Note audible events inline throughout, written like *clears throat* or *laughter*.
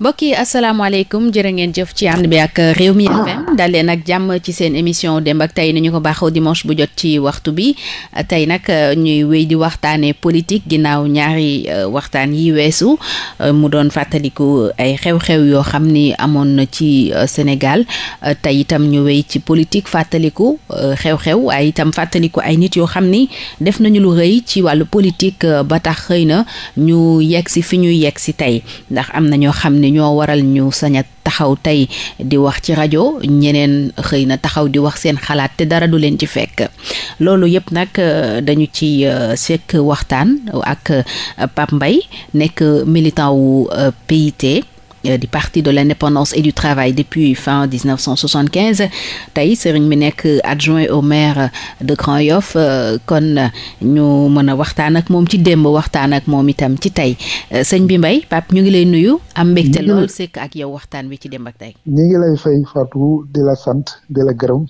mbokk yi asalaamaaleykum jërë ngeen jëf ci ànd bi ak Rewmi FM dal leen ak jàmm ci seen émission démb ak tey nañu ko baaxoo dimanche bu jot ci waxtu bi tey nag ñuy wéy di waxtaanee politique ginnaaw ñaari euh, waxtaan yi weesu euh, mu doon fàttaliku ay xew-xew yoo xam ni amoon na ci euh, Sénégal tey itam ñu wéy ci politique fàttaliku xew-xew ay itam fàttaliku ay nit yoo xam ni def nañu lu rëy ci wàllu politique ba tax xëy na ñu yegg si fi ñuy yegg si tey ndax am na ñoo xam ne ñoo waral ñu sañ taxaw tey di wax ci rajo ñeneen xëy na taxaw di wax seen xalaat te dara du leen ci fekk loolu yépp nag euh, dañu ci euh, sekk waxtaan ak euh, Pape mbay nekk militant wu PIT Euh, du parti de l'indépendance et du travail depuis fin 1975 tey sëriñ bi nekk adjoint au maire de Grand Yoff euh, kon ñu mën a waxtaan ak moom ci démb waxtaan ak moom itam ci tey euh, sëñ bi Mbaye Pape ñu ngi lay nuyu am mbégte lool sëkk ak yow waxtaan bi ci démb ak tey ñu ngi lay fay Fatou di la sant di la gërëm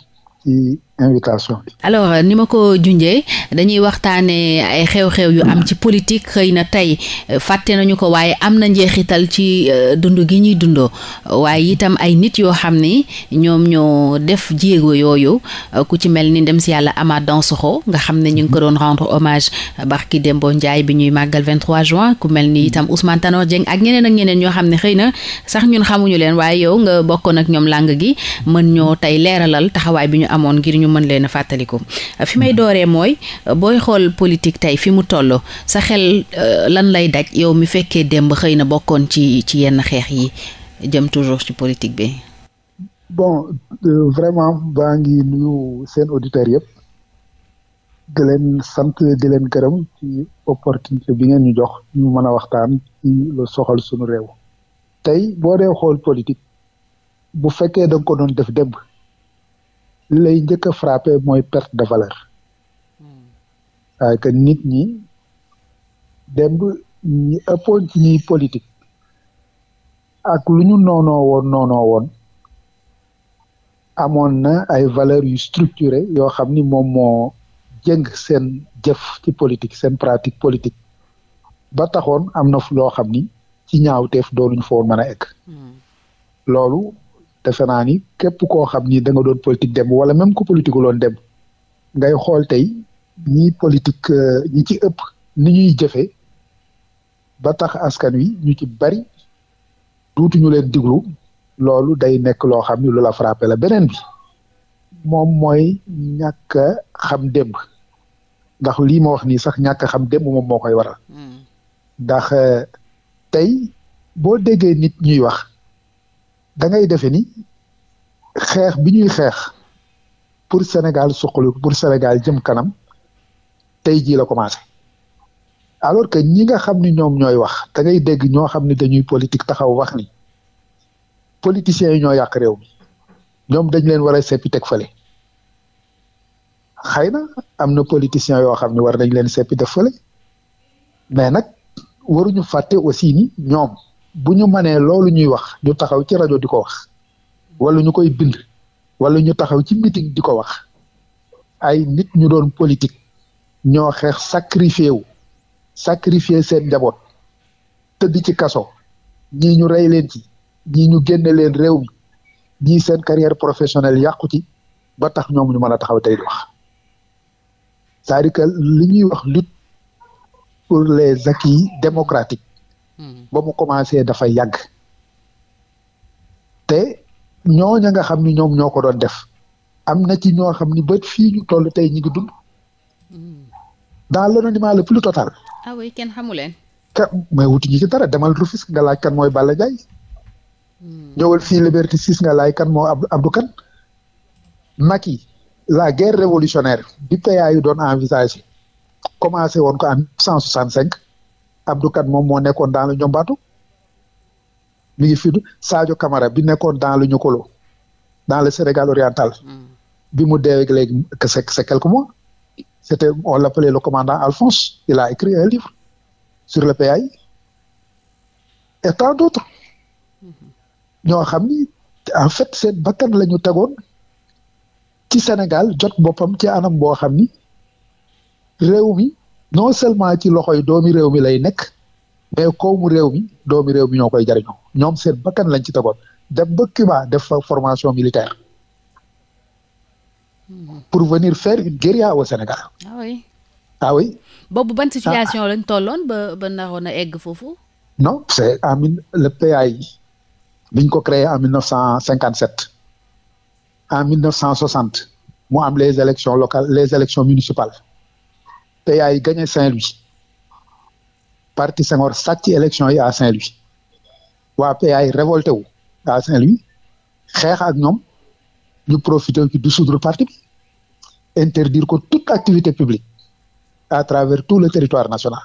invitation bi. Euh, ni ma ko junjee dañuy waxtaanee ay xew-xew yu am ci politique xëy na tey euh, fàtte nañu ko waaye am na njeexital ci euh, dund gi ñuy dundoo waaye itam ay nit yoo xam ni ñoom ñoo def jéego yooyu ku ci mel ni dem si yàlla Amath Dansokho nga xam ne ñu ngi ko doon rendre hommage barki Dembo njaay bi ñuy màggal 23 juin ku mel ni itam Ousmane Tanor Dieng ak ñeneen ak ñeneen ñoo xam ne xëy na sax ñun xamuñu leen waaye yow nga bokkoon ak ñoom làng gi mën ñoo tey leeralal taxawaay bi ñu amoon ngir ñu mën leen a fàttaliku fi may dooree mooy booy xool politique tey fi mu toll sa xel euh, lan lay daj yow mi fekkee démb xëy na bokkoon ci ci yenn xeex yi jëm toujours ci politique bi bon euh, vraiment baa ngi nuyu seen auditeurs yëpp di leen sant di leen gërëm ci opportunité bi ngeen ñu jox ñu mën a waxtaan ci lu soxal sunu réew tey boo dee xool politique bu fekkee da ko def démb li lay njëkk a frappé mooy perte de valeur waaye hmm. que nit ñi démb ñi ëppoon ci ñiy politique ak lu ñu noonoo woon amoon na ay valeurs yu structuré yoo xam ni moom moo jëng seen jëf ci politique seen pratique politique ba taxoon am na loo xam ni ci ñaawteef doonuñu fa woon mën a egg hmm. loolu defe naa ni képp koo xam ni danga doon politique demb wala même ku politique loon dem ngay xool tey ñi politique euh, ñi ci ëpp ni ñuy jëfe ba tax askan wi ñu ci bari duutuñu leen diglu loolu day nekk loo xam ni lu la frappé la beneen bi moom mooy ñàkk xam démb ndax lii ma wax nii sax ñàkk xam démb moom moo koy waral hmm. ndax euh, tey boo déggee nit ñuy wax da ngay defee ni xeex bi ñuy xeex pour Sénégal suqali pour Sénégal jëm kanam tey jii la commencé alors que ñi nga xam ni ñoom ñooy wax da ngay dégg ñoo xam ni dañuy politique taxaw wax ni politiciens yi ñoo yàq réew mi ñoom dañ leen war a seppi teg fële xëy na am na politiciens yoo xam ne war nañ leen seppi def fële mais nag waruñu fàtte aussi ni ñoom bu ñu manee loolu ñuy wax ñu taxaw ci rajo di ko wax wala ñu koy bind wala ñu taxaw ci meeting di ko wax ay nit ñu doon politique ñoo xeex sacrifié wu sacrifier seen njaboot tëdd ci kaso ñii ñu rey leen ci ñi ñu génne leen réew ñi seen carrière professionnel yàqu ci ba tax ñoom ñu mën a taxaw tey di wax c'est-à-dire que li ñuy wax lut pour les acquis démocratique ba mu commencé dafa yàgg te ñooña nga xam ni ñoom ñoo ko doon def am na ci ñoo xam ni ba fii ñu toll tey ñu ngi dund dans l'anonymat le plus total. a ah oui kenn xamu leen. ka mais wuti ñu ci dara demal Rufisque nga laaj kan mooy bala Ndiaye. Hmm. ñëwal fii Liberté 6 nga laaj kan moo Abdou Kane. Macky la guerre révolutionnaire bi PA yu doon envisagé commencé woon ko en 1965 Abdou Kane moom moo nekkoon dans le Ñombaatu mi ngi fi Sadio Camara bi nekkoon dans le Niokolo dans le Sénégal oriental. Mm. bi mu deewee léegi c'est quelques mois. c'était o l'appelait le commandant Alphonse il a écrit un livre sur le PAI et tant d'autres mm-hmm. xam ni en fait seen bakkan la ñu tegoon ci Sénégal jot boppam ci anam boo xam ni réew non seulement ci loxoy doomi réew mi lay nekk mais koomu réew mi doomi réew mi ñoo koy jariñoo ñoom seen bakkan lañ ci tegoon dem ba Cuba def fa formation militaire hmm. pour venir faire une guérilla au Sénégal. ah oui ah situation ah. lañ tolloon ba ba egg foofu. non c' est le PAI bi ñu ko créé en mille neuf cent cinquante sept en mu am les élections locales les élections municipales. PA yi gagné Saint-Louis parti Senghor sàcc élection yi à Saint-Louis waa PA révolté wu à Saint-Louis xeex ak ñoom ñu profité ci dissoudre parti bi interdire ko toute activité publique à travers tout le territoire national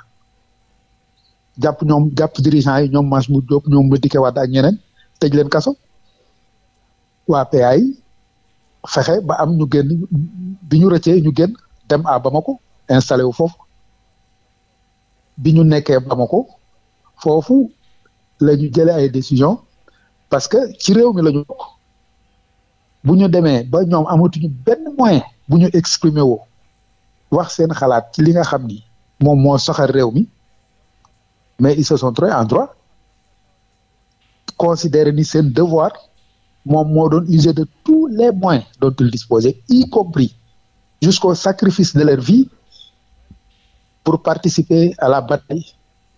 jàpp ñoom jàpp dirigeants yi ñoom mu Diop ñoom Madické Wade ak ñeneen tëj leen kaso waa PA fexe ba am ñu génn bi ñu rëccee ñu génn dem à Bamako installé wu foofu bi ñu nekkee Bamako foofu la ñu jëlee ay décision parce que ci réew mi la ñu bokk bu ñu demee ba ñoom amatuñu benn moyen bu ñu exprimer woo wax seen xalaat ci li nga xam ni moom moo saxar réew mi mais ils se sont trouvés en droit considérer ni seen devoir moom moo doon user de tous les moyens dont ils disposaient y compris jusqu'au sacrifice de leur vie pour participer à la bataille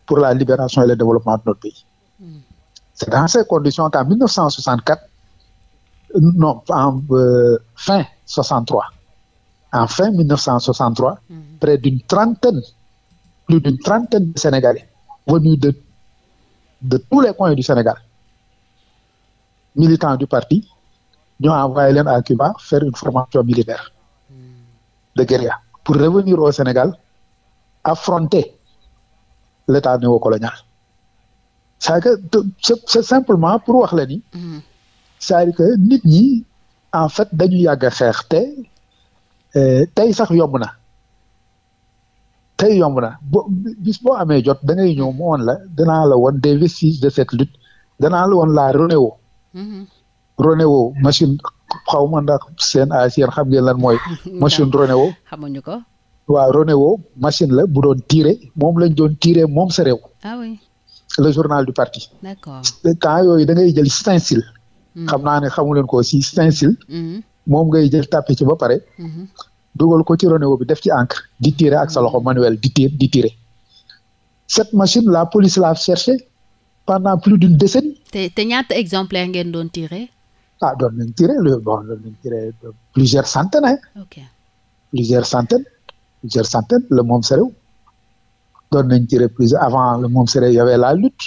pour la libération et le développement de notre pays. Mm. C'est dans ces conditions qu'en 1964, non, en euh, fin 63, en fin 1963, mm. Mm-hmm. près d'une trentaine, plus d'une trentaine de Sénégalais venus de, tous les coins du Sénégal, militants du parti, ñoo envoyé leen à faire une formation militaire mm. de guérilla pour revenir au Sénégal affronter l'état néocolonial c'est-à-dire que c'est simplement pour wax la ni mm-hmm. cest à nit ñi en fait dañu yàgg a xeex te euh, tey sax yomb na tey yomb na bo bis boo amee jot da ngay ñëw mu woon la danaa la woon des vestiges de cette lutte danaa la woon la Ronéo mm-hmm. Ronéo machine xaw ma ndax seen a seen xam ngeen lan mooy *laughs* machine Ronéo waaw Renéwo machine la bu doon tirer moom lañ doon tirer moom sa réew. ah oui le journal du parti. d'accord temps yooyu da ngay jël stencil. Hmm. xam naa ne xamu leen ko si stencil. Hmm. moom ngay jël tàppe ci ba pare. Hmm. dugal ko ci Renéwo bi def ci encre di tirer ak sa loxo manuel di tirer di tirer cette machine la police l'a cherchée pendant plus d'une décennie. te te ñaata exemplaire ngeen doon tirer. ah doon nañ tirer bon doon nañ tirer plusieurs centaines. plusieurs centaines. plusieurs centaines le moom Serew doon nañ ci reprise avant le moom Serew y avait la lutte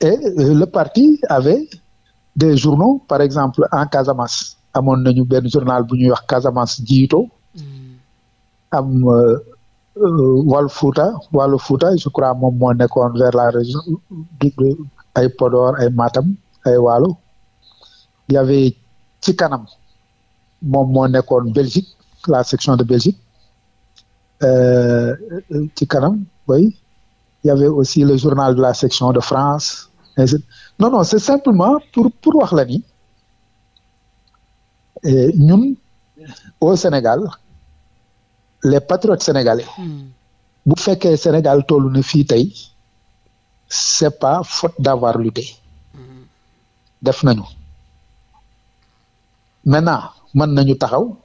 et euh, le parti avait des journaux par exemple en Casamance amoon nañu benn journal bu ñuy wax Casamance Jiito hmm. am euh, euh, Walf fuuta Walf je crois moom moo nekkoon vers la région ay Podor ay Matam ay Waalo y avait ci kanam moom moo nekkoon Belgique la section de Belgique Euh, euh, ci kanam bay y aussi le journal de la section de France non c'est simplement pour pour wax la ni ñun au Sénégal les patriotes sénégalais hmm. bu fekkee Sénégal tollu na fii tey c'est pas faute d'avoir lutté hmm. def nañu maintenant mën nañu taxaw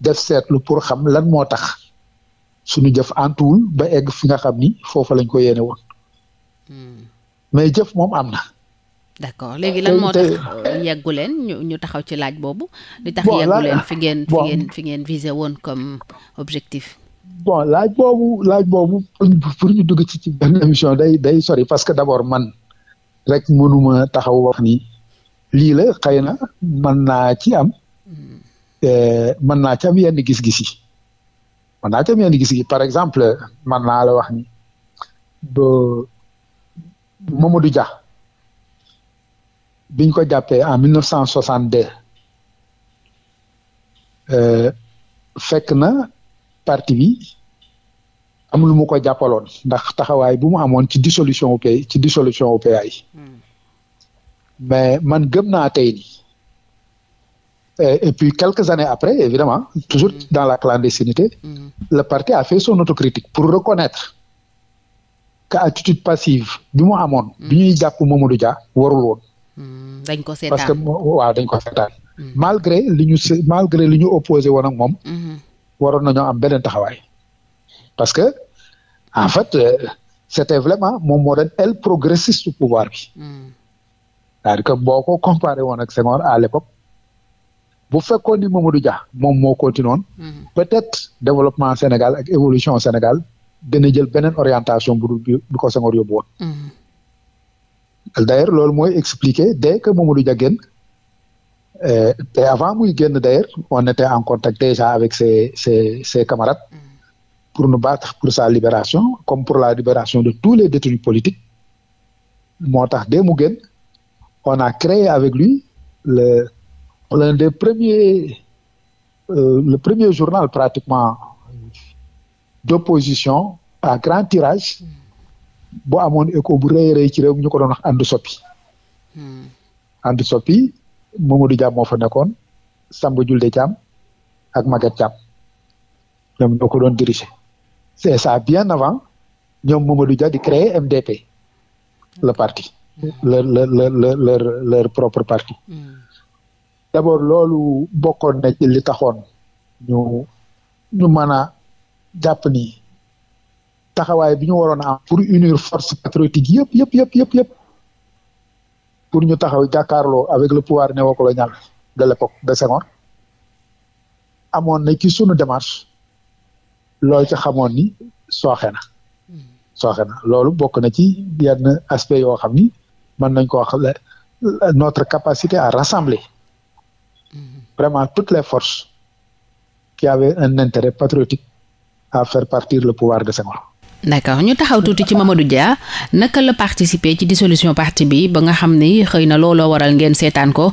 def seetlu pour xam lan moo tax suñu jëf antuwul ba egg fi nga xam ni foofa lañ ko yéene woon hmm. mais jëf moom am na. d'accord léegi lan moo tax euh, yeggu leen ñu taxaw ci laaj boobu. li tax yeggu ngeen fi fi ngeen visé woon comme objectif. bon laaj boobu laaj boobu pour ñu dugg ci ci benn émission day day sori parce que d'abord man rek mënuma taxaw wax ni lii la xëy na mën naa ci am hmm. euh, mën naa ci am yenn gis-gis yi. mën naa ca meen gis gi par exemple man naa la wax ni ba Mamadou Dia biñ ko jàppee en 1962 euh, fekk na parti bi am lu ko jàppaloon ndax taxawaay bu mu amoon ci dissolution au pays ci di solution pays mm. mais man gëm naa et puis quelques années après évidemment toujours mmh. dans la clandestinité mmh. le parti a fait son autocritique pour reconnaître que attitude passive bi mu amoon mm. bi ñuy jàpp Mamadou Dia warul woon mm. dañ ko seetaan parce que waaw dañ ko seetaan mm. malgré li ñu malgré li ñu opposé woon ak moom mm-hmm. waroon nañoo am beneen taxawaay parce que en fait euh, c'était vraiment moom moo doon aile progressiste du pouvoir bi que boo ko comparé woon ak Senghor à l'époque bu fekkoon ni Mamadou Dia moom moo continué mhm. développement Sénégal ak évolution Sénégal dina jël beneen orientation bu ko Senghor yóbbu woon mhm. d'ailleurs loolu mooy expliqué dès que Mamadou Dia génn euh, te avant muy génn d'ailleurs on était en contact déjà avec ses ses camarades mhm. pour nous battre pour sa libération comme pour la libération de tous les détenus politiques moo tax dès mu génn on avec lui l'un des premiers euh, le premier journal pratiquement d'opposition à grand tirage boo amoon écho bu rëy rëy ci réew mi ñu ko doon wax ànd soppi ànd hmm. soppi Mamadou Dia moo fa nekkoon Samba Julde Thiam ak Maguette Thiam ñoom ñoo ko doon diriger c'est ça bien avant ñoom Mamadou Dia di créer MDP le parti leur hmm. leur leur leur propre parti hmm. d'abord loolu bokkoon na ci li taxoon ñu ñu mën a jàpp ni taxawaay bi ñu waroon am pour unir force patriotique yëpp yëpp yëpp yëpp yëpp pour ñu taxaw jàkkaarloo avec le pouvoir néocolonial de l'époque de Senghor amoon na ci sunu démarche loo ci xamoon ni sooxe na sooxe loolu bokk na ci yenn aspect yoo xam ni mën nañ ko wax notre capacité à rassembler vraiment toutes les forces qui avaient un intérêt patriotique à faire partir le pouvoir de Senghor. d'accord ñu taxaw tuuti ci Mamadou Dia naka la participer ci dissolution parti bi ba nga xam ni xëy na looloo waral ngeen seetaan ko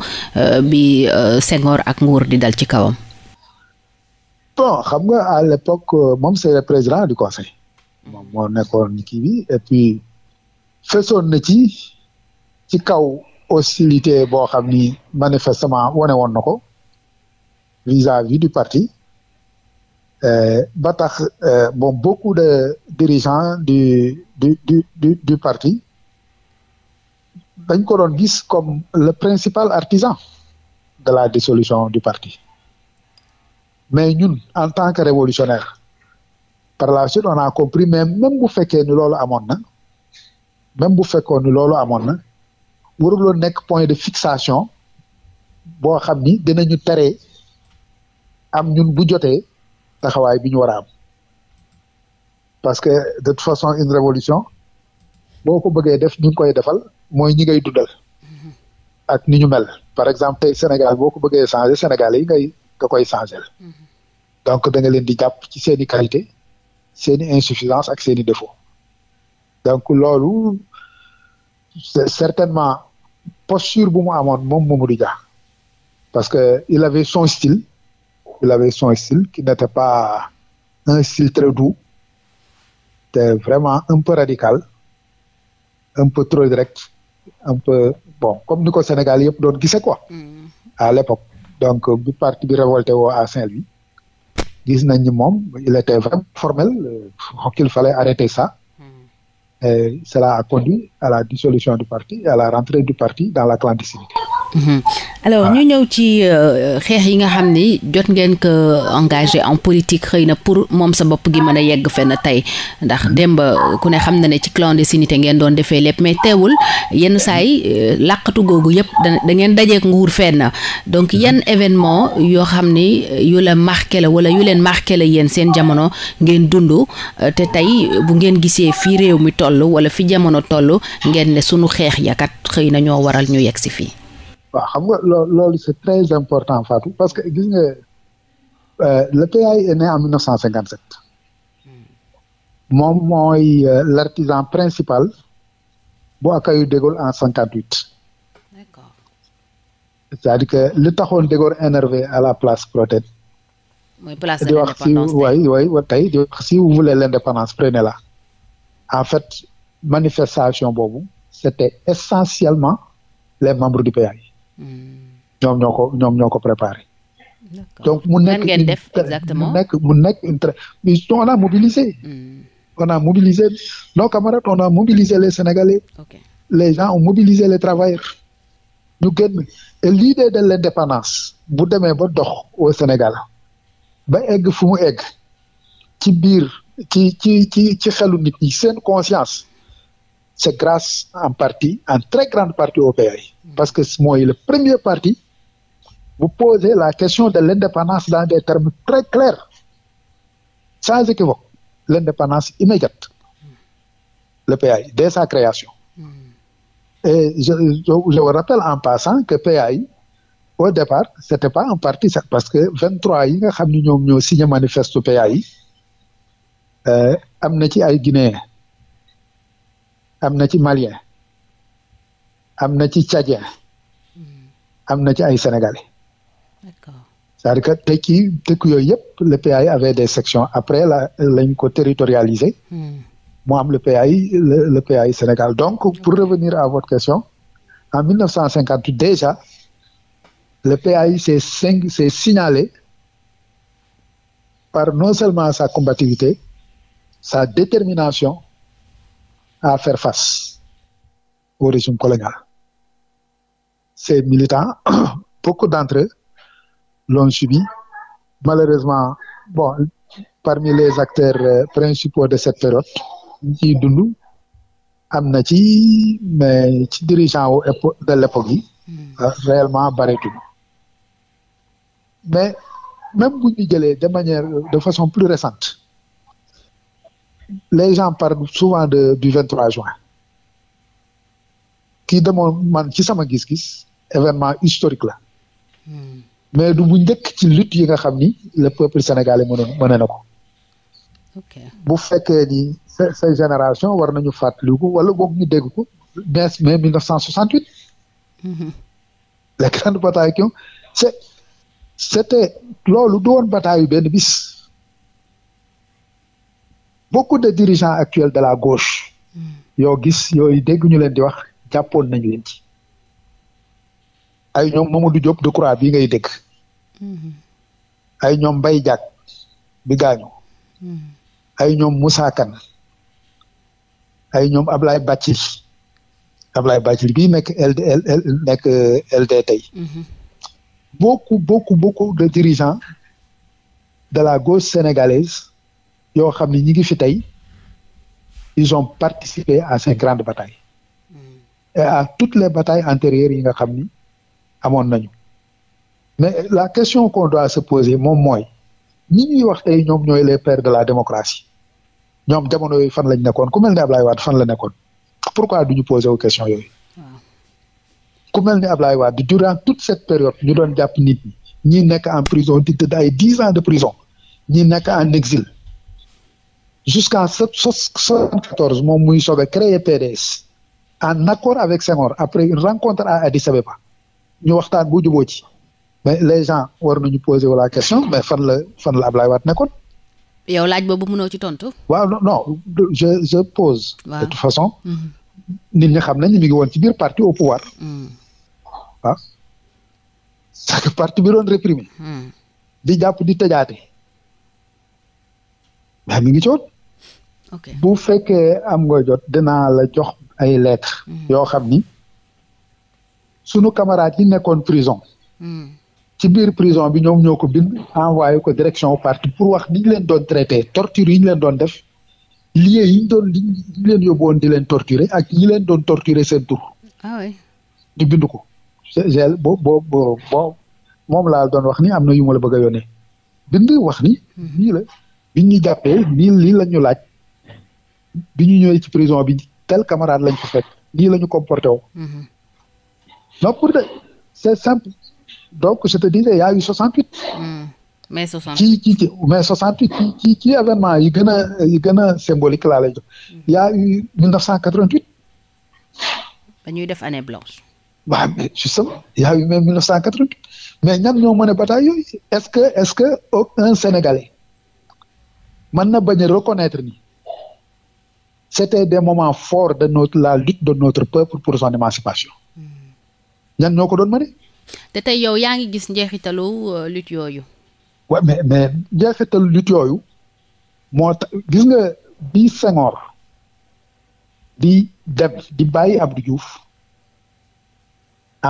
euh, bi euh, Senghor ak nguur di dal ci kawam. bon xam nga à l'époque euh, moom c'est le président du conseil moom moo nekkoon kii bi et puis fesoon na ci ci kaw hostilité boo xam ni manifestement wane woon na ko vis-à-vis du parti. Euh, ba tax euh, bon beaucoup de dirigeants du du du parti dañ ko doon gis comme le principal artisan de la dissolution du parti mais ñun en tant que révolutionnaire par la suite on a compris mais même bu fekkee ni loolu amoon na même bu fekkoon loolu amoon na waruloo nekk point de fixation boo xam ni dinañu tere. am ñun bu jotee taxawaay bi ñu war a am parce que de toute façon une révolution boo ko bëggee def ñu koy defal mooy ñi ngay dundal ak ni ñu mel par exemple tey Sénégal boo ko bëggee changé Sénégal yi ngay nga koy changer donc da nga leen di jàpp ci seen i qualité seen i insuffisance ak seen i défaut donc loolu certainement posture bu mu amoon moom Mamadou Dia parce que il avait son style il avait son style qui n'était pas un style très doux, c'était vraiment un peu radical, un peu trop direct, un peu bon comme ni ko Sénégal yëpp doon gisee quoi. Mm. à l'époque donc euh, bu parti bi révolté wo à Saint-Louis. gis nañ ni moom il était vraiment formel euh, qu'il fallait arrêter ça. Mm. Et cela a conduit à la dissolution du parti et à la rentrée du parti dans la clandestinité. Mhm. alors ah. ñu ñëw ci euh, xeex yi nga xam ni jot ngeen ko engagé en politique xëy na pour moom sa bopp gi mën a yegg fenn tey ndax démb euh, ku ne xam na ne ci clandestinité ngeen doon defee lépp mais teewul yenn saay yi euh, làqatu googu yëpp da ngeen dajeek nguur na donc mhm. yan événement yoo xam ni yu la marqué la wala yu leen marqué la yéen seen jamono ngeen dund te tey bu ngeen gisee fi réew mi toll wala fi jamono toll ngeen ne sunu xeex yakat xëy na ñoo waral ñu yegg si fii waaw xam nga loo loolu c'est très important Fatou parce que gis nga euh, le PAI est né en 1957 hmm. moom mooy euh, l'artisan principal bu accueil de en 58. d'accord c'est-à-dire que li taxoon de Gaulle à la place Protet. mooy place de l'indépendance di wax si waay waay tey di wax si vous voulez l'indépendance prenez-la en fait manifestation boobu c'était essentiellement les membres du PAI. Hmm. ñoom ñoo ñoom ñoo ko préparé. donc mu nekk ngeen def exactement nekk mu nekk une très on a mobilisé. Hmm. on a mobilisé nos camarades on a mobilisé les Sénégalais. Okay. les gens ont mobilisé les travailleurs. ñu génn et l'idée de l'indépendance bu demee ba dox au Sénégal ba egg fu mu egg ci biir ci ci ci ci xelu nit ñi seen conscience c'est grâce en partie en très grande partie au parce que mooy le premier parti bu posez la question de l'indépendance dans des termes très clairs sans équivoque l'indépendance immédiate le PAI dès sa création hmm. et je, je, je vous rappelle en passant que PAI au départ c'était pas un parti sax parce que vingt trois yi nga xam ne ñoom ñoo signé manifeste PAI euh, am na ci ay guinéens am na ci maliens am na ci tchadien hmm. am na ci ay sénégalais. d'accord cest dëkk yooyu yëpp le PAI avait des sections après la lañ ko territorialiser. Hmm. mu am le PAI le, PAI Sénégal donc pour okay. revenir à votre question en 1950 déjà le PAI s'est sing s'est signalé par non seulement sa combativité sa détermination à faire face au régime colonial ces militants, *coughs* beaucoup d'entre eux l'ont subi. Malheureusement, bon, parmi les acteurs euh, principaux de cette période, ci dund am na ci mais ci dirigeant wu de l'époque yi hmm. euh, réellement bareetul mais même bu ñu jëlee de manière euh, de façon plus récente les gens parlent souvent de du 23 juin kii demoon man ci sama gis-gis événement historique la hmm. mais du bu njëkk ci lut yi nga xam ni le peuple sénégalais mënoon mëne na ko bu fekkee ni ces génération war nañu fàttaliku wala boog ñu dégg ko mais mais mille neuf cent soixante huit hmm. c'est c'était loolu du woon yu benn bis beaucoup de dirigeants actuels de la gauche hmm. yoo gis yooyu dégg ñu leen di wax jàppoon nañu leen ci ay ñoom Mamadou Diop Decroix bii ngay dégg mm-hmm. ay ñoom Mbaye Diack bi gaañu mm-hmm. ay ñoom Moussa Kane ay ñoom Ablaye Bathily Ablaye Bathily bi nekk LD nekk euh, LD tey mm-hmm. beaucoup beaucoup beaucoup de dirigeants de la gauche sénégalaise yoo xam ne ñi ngi fi tey ils ont participé à ces grandes batailles et à toutes les batailles antérieures yi nga xam ni amoon nañu mais la question qu'on doit se poser moom mooy ni ñuy wax tey ñoom ñooy les pères de la démocratie ñoom jamono yooyu fan lañ nekkoon ku mel ni Ablaye fan la nekkoon pourquoi du ñu poser wu question yooyu ku mel ni Ablaye Wade durant toute cette période ñu doon jàpp nit ñi ñii nekk en prison di tëdd ay dix ans de prison ñii nekk en exil jusqu'en soixante-quatorze moom muy sobe créer PDS en accord avec Senghor après une rencontre à Addis Abeba ñu waxtaan bu juboo ci mais les gens war nañu poser wala question mais fan la fan la Ablaye Wade nekkoon. yow laaj boobu mënoo ci tontu. waaw non non je je pose. de toute façon. Mhm. nit xam nañ mi ngi woon ci biir parti au pouvoir. Mhm. ah c'est parti bi réprimer. Mhm. di jàpp di tëjaate. mais mi ngi bu fekkee am nga jot dinaa la jox ay lettres. yoo xam ni. sunu camarades yi nekkoon prison. Hmm. ci biir prison bi ñoom ñoo ko bind envoyé ko direction au parti pour wax niñ leen doon traité torture yi ñu leen doon def lié yi ñu doon li ñu leen di leen torturer ak ñi leen doon torturer seen tur. ah oui ko. gel bo bo bo moom laa doon wax ni am na yu ma la bëgg a yónnee bind wax ni. Hmm. nii la bi ñu jàppee nii lii la ñu laaj bi ñu ñëwee ci prison bi tel camarade lañ ko fekk nii la ñu comporté woo. Hmm. non pour de c'est simple donc je te disais il y a eu 68. mai 68 ci ci ci mai 68 ci ci ci yi gën gën a symbolique laa lay jox. Hmm. il y a eu 1988. ba def année blanche. waaw mais justement il y a eu même 1988 mais ñan ñoo mën a bataille yooyu est-ce que est-ce que un Sénégalais mën na bañ a reconnaître ni c'était de moments forts de notre la lutte de notre peuple pour son émancipation. ñan ñoo ko doon mëne te tey yow yaa ngi gis njeexitalu euh, lutte yooyu. waaw mais mais njeexitalu lutte yooyu moo ta gis nga di Senghor di dem di bàyyi Abdou Diouf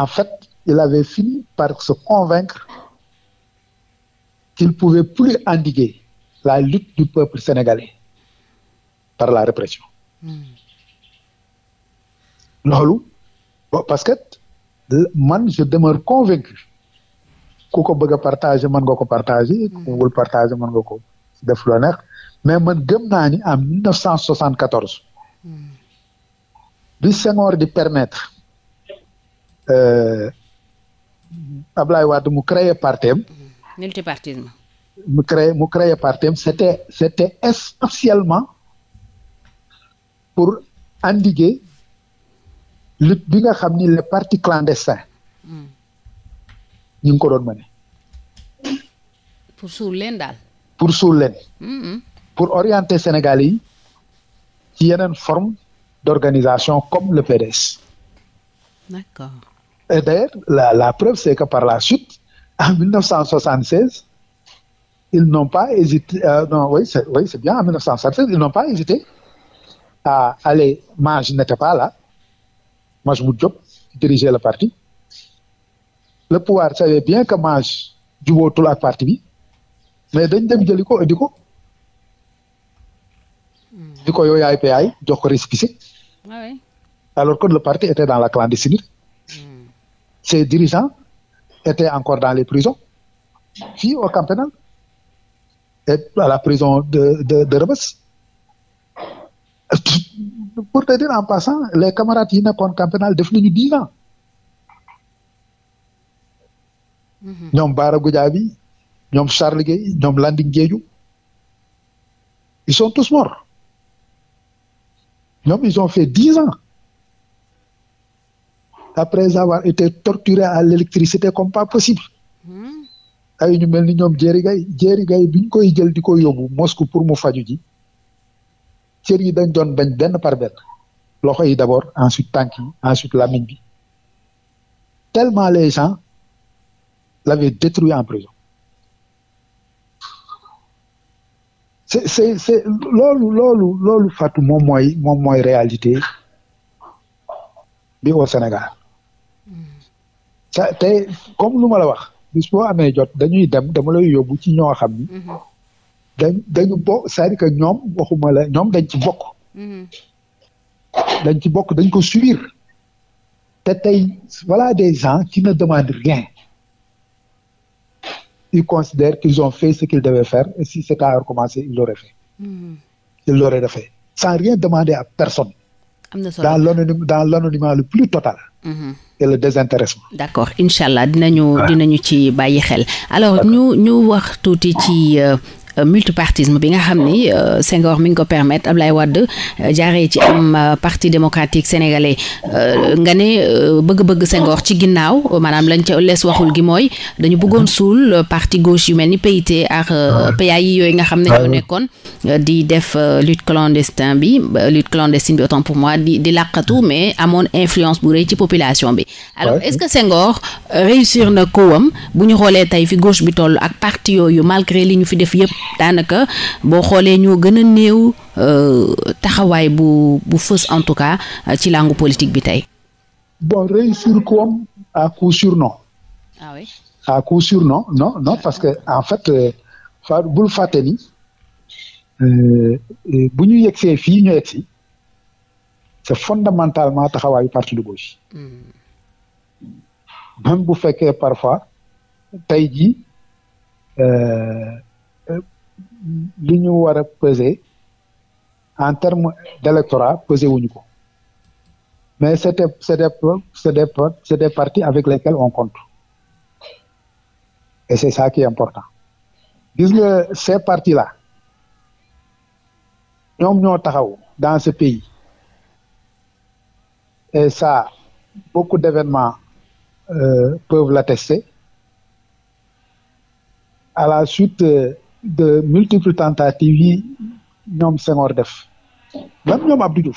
en fet il avait fini par se convaincre qu'il pouvait plus endiguer la lutte du peuple sénégalais par la répression. Hmm. loolu parce que. man je demeure convaincu ku ko bëgg a partager mën nga ko partager ku bëggul mm. partager mën nga ko def lu mais man gëm naa ni en 1974 mm. bi Senghor di permettre euh, Ablaye Wade mu créer partem mm. multipartisme mu créer mu créé partem c'était c'était essentiellement pour endiguer lutte bi nga xam ni les partis clandestins hmm. ñu ngi ko doon mëne pour suul leen daal. pour suul leen. Hmm, hmm. pour orienter Sénégal yi ci yeneen forme dorganisation comme le PDS. d'accord. et d' la la preuve c' est que par la suite en 1976 ils n'ont pas hésité euh, non oui c'est oui c'est bien en 1976 ils n'ont pas hésité à aller MAJ n'était pas là. Majhemout Diop qui dirigeait le le pouvoir savait bien que Maj jubootul ak parti bi mais dañ dem jëli ko indi ko hmm. di ko yow yaay ah alors que le parti était dans la clandestinité mm. ses dirigeants encore dans les prisons fii au camp et à la prison de de pour te dire en passant les camarades yi nekkoon camp pénal def nañu dix ans. Mhm. ñoom Baara Goudiaby ñoom Charles Guèye ñoom Landing Diédhiou ils sont tous morts ñoom ils ont fait dix ans après avoir été torturés à l'électricité comme pas possible mhm. ay ñu mel ni ñoom Jéeri Gaye Jéeri Gaye bi koy jël di ko yóbbu Moscou pour mu faju ji cër yi dañ doon dañ benn par benn loxo yi d'abord ensuite tànk yi la lamiñ bi tellement les gens l'avaient détruit en prison c'est c'est c'est loolu loolu loolu Fatou moom mooy moom mooy réalité bi au Sénégal te comme lu ma la wax bis boo amee jot dañuy dem dama lay yóbbu ci xam dañ dañu bokk c'est-à-dire que ñoom waxuma la ñoom dañ ci bokk. Mm-hmm. dañ ci bokk dañ ko suivre. te tey voilà des gens qui ne demandent rien. ils considèrent qu'ils ont fait ce qu'ils devaient faire et si c'était à recommencer ils l'auraient fait. Mm-hmm. sans rien demander à personne. am na solo le plus total. Mmh. et le désintéressement. d'accord incha allah ah. dinañu ci bàyyi xel. alors ñu ñu wax tuuti ci euh, multipartisme bi nga xam ni euh, Senghor mi ngi ko permettre lay wadd euh, jaaree ci am euh, parti démocratique sénégalais nga ne bëgg-bëgg Senghor ci ginnaaw maanaam lañ ca lees waxul gi mooy dañu bëggoon mm-hmm. suul parti gauche yu mel ni PIT ak PAI ah yooyu nga xam ne ah nekkoon di def lutte clandestine bi lutte clandestine bi autant pour moi di di làqatu mm-hmm. mais amoon influence bu rëy ci population bi alors est-ce que sengoor réussir na kowam bu ñu xoolee tey fi gauche bi toll ak parti yooyu malgré li ñu fi def yëpp daanaka boo xoolee ñoo gën a néew euh, taxawaay bu bu fës en tout cas euh, ci langue politique bi tey. bon réussir koom à coup sûr non. ah oui parce que en fait euh, bul fàtte ni bu ñu yegsee fii ñu yegsi c'est fondamentalement taxawaayu parti de gauche. Hmm. même bu fekkee parfois tey jii li ñu war a peser en termes d'électorat peser wuñu ko mais c'est des c'est des c'est des c'est des partis avec lesquels on compte et c'est ça qui important gis nga ces partis là ñoom ñoo taxaw dans ce pays et ça beaucoup d'événements euh, peuvent l'attester à la suite euh, de multiples tentatives yi ñoom Senghor def même ñoom Abdou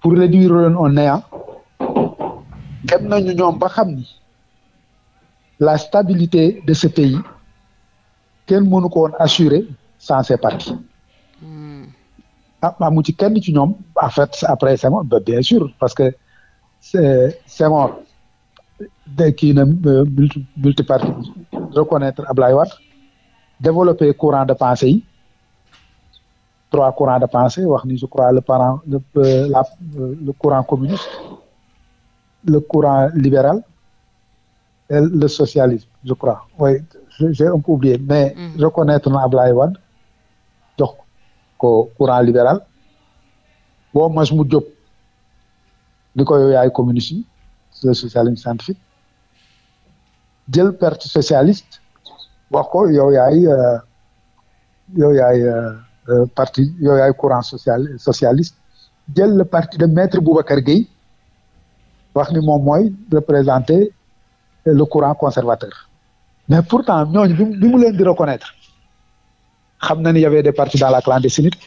pour réduire leen au néant dem nañu ñoom ba xam ni la stabilité de ce pays kenn mënu ko woon assurer sans ces partis hmm. ah amu ci kenn ci ñoom en fait après Senghor ba bien sûr parce que Senghor de kii na euh, multiparti reconnaître Ablaye Wade développer courant de pensée yi trois courants de pensée wax ni je crois le parent le euh, la euh, le courant communiste le courant libéral le socialisme je crois oui j'ai un peu mais mm. reconnaître na Ablaye Wade jox ko courant libéral boo mas mu jóg ni ko le socialisme scientifique jël parti socialiste wax ko yow yaay parti yow yaay e courant social socialiste jël le parti de maître Boubacar Gueye wax ni moom mooy représenter le courant conservateur mais pourtant ñooñu bi mu leen di reconnaître xam na ni y avait des partis dans la clandestinité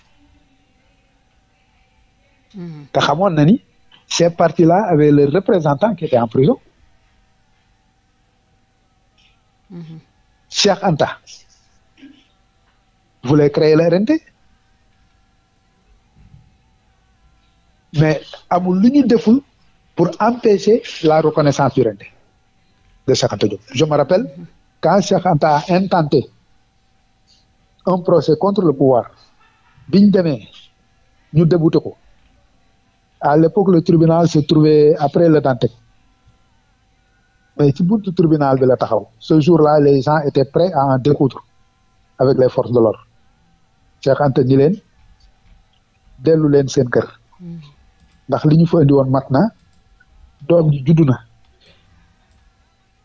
mm-hmm. te xamoon na ni ces partis là avaient leurs représentants qui étaient en prison mm-hmm. Cheikh Anta voulait créer la rente mais amul lu ñu deful pour empêcher la reconnaissance du RND de Cheikh Anta Diop je me rappelle quand Cheikh Anta intenté un procès contre le pouvoir biñ demee ñu débouté ko à l'époque le tribunal se trouvait après le Dantec mais ci buntu tribunal bi la taxaw ce jour-là les gens étaient prêts à en découdre avec les forces de l'ordre Cheikh Anta ñi leen dellu leen seen kër ndax li ñu fa indi woon mat na doom juddu na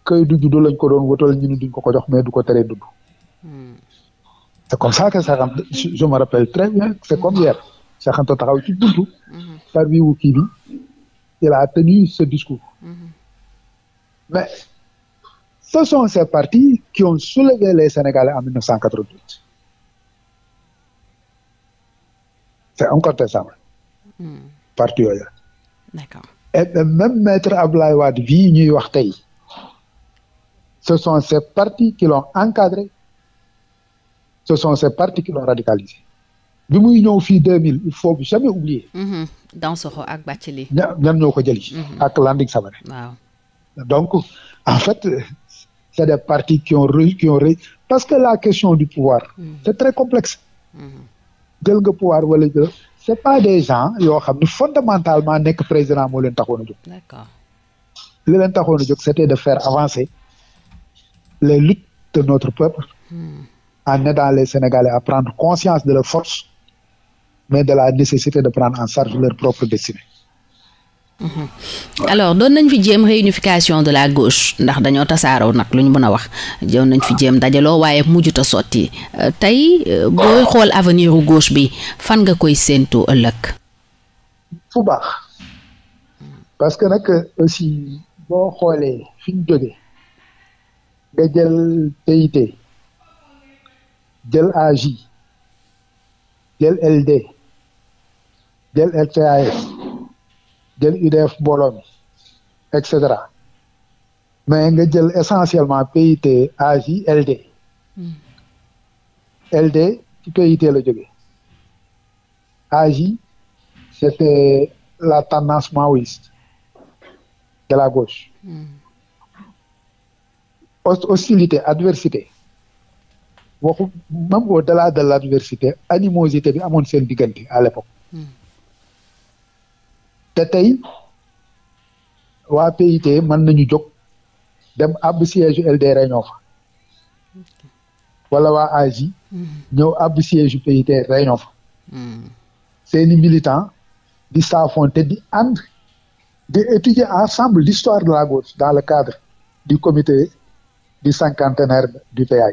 këy du juddu lañ ko doon wutal ñu ni duñ ko ko jox mais du ko teree dudd c'est comme ça que Cheikh Anta je me rappelle très bien c'est comme hier Cheikh Anta taxaw ci buntu parmi mhm. wu kii bi il tenu ce discours mhm. Mais ce sont ces partis qui ont soulevé les Sénégalais en 1988. C'est incontestable. Mm. parti yooyu. D'accord. Et même maître Abdoulaye Wade bii ñuy wax tey ce sont ces partis qui l'ont encadré ce sont ces partis qui l'ont radicalisé bi muy ñëw fii 2000 il faut jamais oublier. Hmm. Dansokho ak Bathily. ñan ñoo ko jëli. Hmm. ak Landing Savané. Donc, en fait, c'est des partis qui ont, qui parce que la question du pouvoir, mm -hmm. c'est très complexe. Mm-hmm. jël nga pouvoir wala jël c' pas des gens yoo xam ne fondamentalement nekk président moo leen taxoon a jóg. d'accord li leen taxoon a jóg de faire avancer les luttes de notre peuple. Mm-hmm. en aidant les Sénégalais à prendre conscience de leur force mais de la nécessité de prendre en charge leur propre destinée. Mhm. alors doon nañ fi jéem réunification de la gauche ndax dañoo tasaaroo nag lu ñu mën a wax doon nañ fi jéem dajaloo waaye mujjut a sotti euh, tey euh, booy xool avenir u gauche bi fan nga koy séentu ëllëg. fu baax parce que nag aussi boo xoolee fi ñu jógee nga jël PIT jël AJ jël LD jël LCAS. jël IDF mbooloo mi cetera mais nga jël essentiellement PIT AJ LD. Hmm. LD ci PIT la jógee AJ c'était la tendance maoïste de la gauche. Hmm. hostilité adversité waxu même au delà de l' adversité animosité bi amoon seen diggante à l' te tey waa PIT man nañu jóg dem àbb siège LD réunion fa wala waa AJ ñëw àbb siège PIT réunion fa seeni militant di saafonte di ànd di étudier ensemble l'histoire de la gauche dans le cadre du comité du cinquantenaire du PAI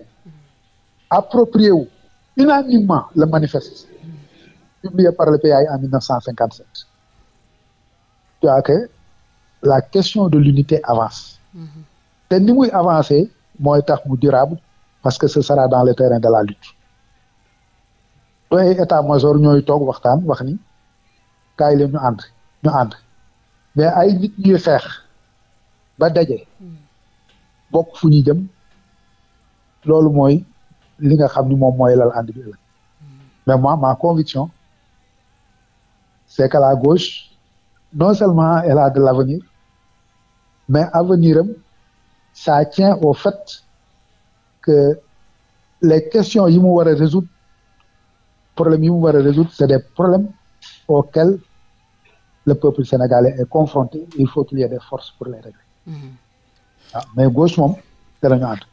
approprié wu unanimement le manifeste publié par le PAI en 1957 tu as la question de l'unité avance mm-hmm. te ni muy avancer mooy tax mu durable parce que ce sera dans le terrain de la lutte doy état-major ñooy toog waxtaan wax ni kaay leen ñu ànd ñu ànd mais ay nit ñuy xeex ba daje mm-hmm. bokk fu ñuy jëm loolu mooy li nga xam ni moom mooy lal ànd bi ëllëg mm-hmm. mais moi ma conviction c'est la gauche non seulement elle a de l'avenir mais avenir am ça au fait que les questions yi mu war a résoudre problèmes yi mu war a résoudre c'est des problèmes auxquels le peuple sénégalais est confronté il faut qu'il y des forces pour les régler. waaw mhm. ah, mais gauche moom danañu ànd.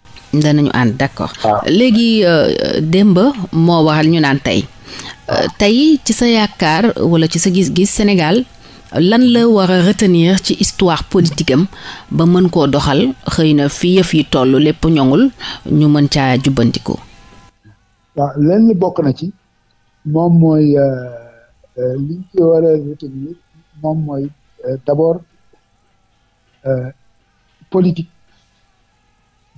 danañu ànd d'accord. Ah. léegi euh, démb moo waxal ñu naan tey euh, tey ci sa yaakaar wala ci sa gis-gis Sénégal lan la war a ci histoire politique am ba mën koo doxal xëy na fi yëf yi toll lépp ñoŋul ñu mën caa jubbandikoo waaw lenn bokk na ci moom mooy euh, euh, li ñu ci war a retenir moom mooy euh, d'abord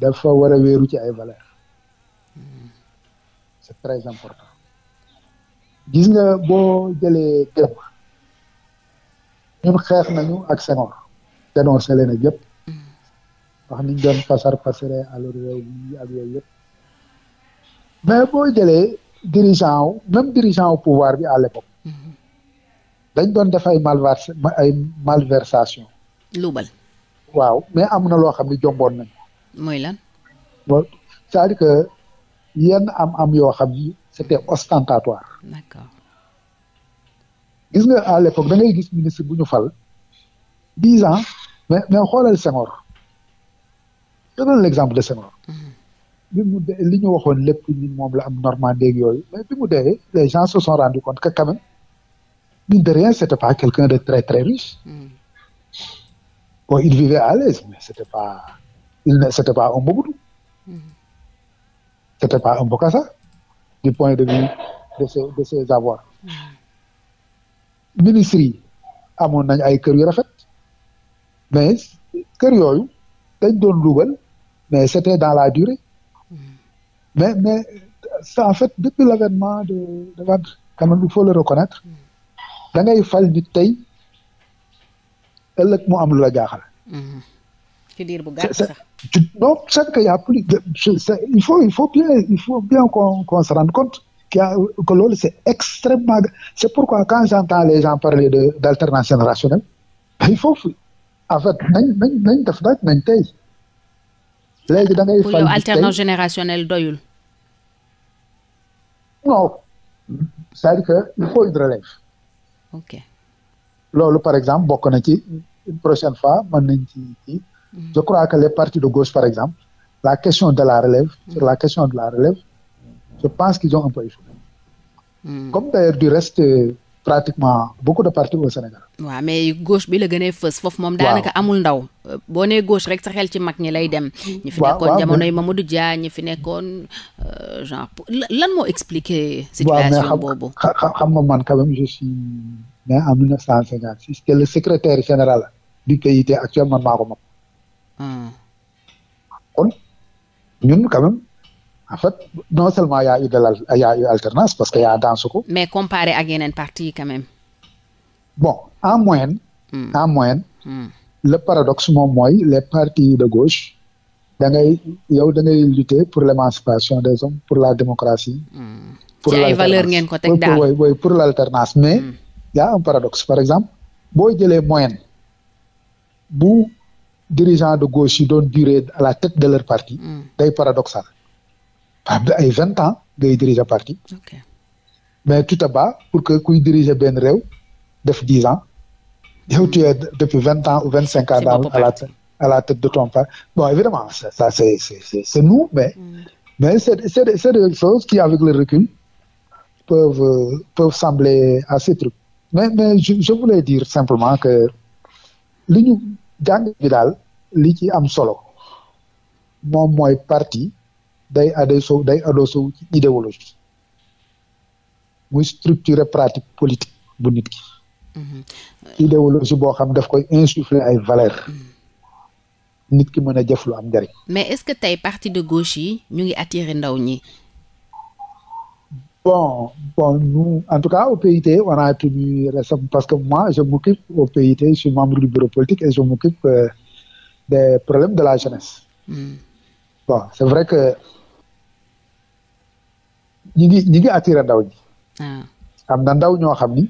dafa war a wéeru ci ay valeurs c'est très important gis nga boo jëlee gëm ñun xeex nañu ak Senghor dénoncé leen na yëpp wax niñ doon pasar pasare alors réew mi ak yooyu mais boo jëlee dirigeant wu même dirigeant wu pouvoir bi à l'époque dañ doon def ay malvers ay malversation luubal waaw mais am na loo xam ne jomboon nañ mooy lan cest à am am yoo xam ni c'était ostentatoire d'accord gis nga à l'époque da ngay gis ministre bu ñu fal dix ans mais mais xoolal Senghor je donne l'exemple de Senghor mm-hmm. bi mu dee li ñu waxoon lépp ñun la am Normandie ak yooyu mais bi mu dee les gens se sont rendu compte que quand même de rien c'était pas quelqu'un de très très riche mm-hmm. bon il vivait à l'aise mais c'était pas il ne c'était pas un Mobutu mm-hmm. c'était pas un Bokassa de vue de ses de ministre yi amoon nañ ay kër yu rafet mais kër yooyu dañ doon luubal mais c'était dans la durée mm. mais mais en fait depuis l'avènement de de Wade quand il faut le reconnaître mm. da ngay fal tey ëllëg mu am lu la jaaxal. Mm-hmm. ci diir bu gàtt sax. non a plus de il faut il bien il faut bien qu'on compte. qui a que loolu c'est extrêmement c'est pourquoi quand j'entends les gens parler de d'alternance générationnelle il faut en fait nañ nañ nañ def nag nañ tey léegi da ngay. fay alternance générationnelle doyul. non c'est-à-dire que il faut une relève. loolu par exemple bokk na ci une prochaine fois mën nañ ci ci. Mhm. je crois que les partis de gauche par exemple la question de la relève. sur la question de la relève. je pense qu'ils ont un peu échoué. Mmh. comme d'ailleurs du rest pratiquement beaucoup de parti au Sénégal. waaw mais gauche bi la gën a fës foofu moom. daanaka amul ndaw. boo nee gauche rek sa xel ci mag ñi lay dem. Hmm. ñi fi nekkoon ma Mamadou Dia ñi fi nekkoon euh, genre lan moo expliquer situation boobu xa xam nga man quand même je suis né en 1956 que le secrétaire général du PIT actuellement maa ko moom. Ah. kon ñun quand en fait seulement a eu de a eu alternance parce que y a Dansokho. mais comparé ak yeneen parti yi quand bon en moyenne. Mm. en moyenne. Mm. le paradoxe moom mooy les partis de gauche da ngay yow da ngay lutter pour l'émancipation des hommes pour la démocratie. Mm. pour ngeen ko teg daal oui oui pour l'alternance mais. Hmm. y a un par exemple boo jëlee moyenne bu dirigeant de gauche yi doon durer à la tête de leur parti. Hmm. day paradoxal. a ah, ay vingt ans ngay diriger parti. mais tu te bats pour que kuy diriger benn réew def dix ans yow tu es depuis vingt ans ou vingt cinq ans. dans la à la tête de ton parti bon évidemment ça, ça c'est c'est c'est nous mais. Mm. mais c'est c'est c'est des choses qui avec le recul peuvent peuvent sembler assez trucs mais mais je, je voulais dire simplement que li ñu jàng bi daal li ci am solo moom mooy parti. day adosso day adosso ci idéologie muy structure pratique politique bu nit ki. Mhm. idéologie boo xam daf koy insuffler ay valeurs. Mhm. nit ki mën a jëf lu am jariñ mais est-ce que tey parti de gauche yi ñu ngi attirer ndaw ñi. bon bon nous en tout cas au PIT on a tenu parce que moi je m'occupe au PIT je suis membre du bureau politique je m'occupe euh, des de la jeunesse. Mhm. bon c' est vrai que ñi ngi ñi ngi ndaw ñi. Ah. am na ndaw ñoo xam ni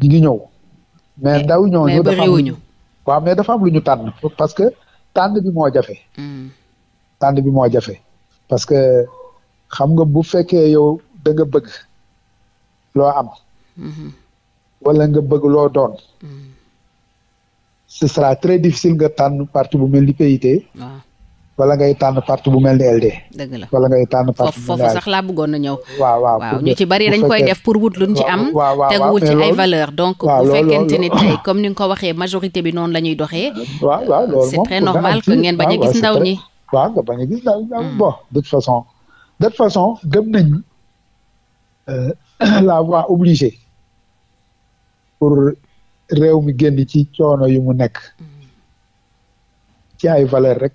ñi ngi ñëw. mais ndaw ñooñu dafa am mais dafa am lu ñu tànn parce que tànn bi moo jafe. Hmm. tànn bi moo jafe parce que xam nga bu fekkee yow da nga bëgg loo am. Hmm. wala nga bëgg loo doon. Hmm. ce sera très difficile nga tànn parti bu mel ni PIT. waaw ah. wala ngay tànn parti bu mel ni LD. dëgg la wala ngay tànn parti bu mel ni foofu sax laa bëggoon na ñëw. waaw waaw ñu ci bari dañ koy def pour wut luñ ci am. waaw waaw teguwul ci ay valeur donc bu fekkente ni tey comme ni nga ko waxee majorité bi noonu lañuy ñuy doxee. *laughs* waaw waaw loolu moom c'est très normal que ngeen bañ a gis ndaw ñi. waaw a gis de toute façon gëm nañu euh, *clears throat* la voie obligée pour. réew mi génn ci coono yu mu nekk ci ay valeur rek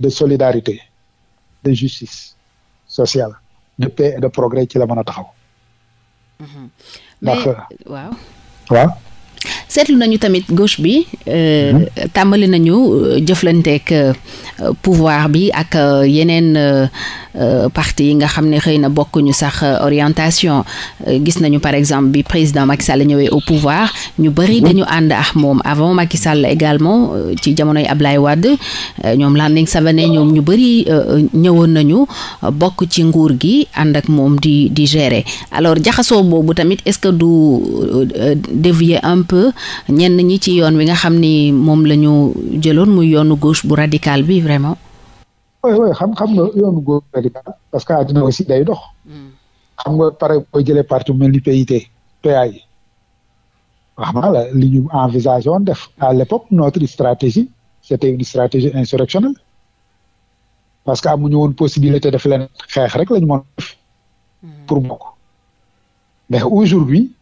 de solidarité de justice sociale de paix de progrès ci la mën a taxaw mhm. ndax waaw seetlu nañu tamit gauche bi euh, mhm. tàmbali nañu euh, jëflanteek euh, pouvoir bi ak yeneen Euh, parti yi nga xam ne xëy na bokkuñu sax euh, orientation euh, gis nañu par exemple bi président Macky la ñëwee au pouvoir ñu bëri dañu ànd ak moom avant Macky Sall également ci jamono ab Ablaye wàdd ñoom laa Landing Savané ñoom ñu bëri ñëwoon nañu bokk ci nguur gi ànd ak moom di di gérer alors jaxasoo boobu tamit est-ce que du dévier un peu ñenn ñi ci yoon wi nga xam ni moom la ñu jëloon muy yoonu gauche bu radical bi vraiment. xam xam nga yoonu parce que àddina aussi day dox. Hmm. xam nga pare o jëlee parti mel ni PIT PA yi. wax naa la li ñu envisagé woon def à l'époque notre stratégie c'était une stratégie insurrectionnelle parce que amuñu woon possibilité def leen xeex rek lañu mën def hmm. pour bokk mais aujourd'hui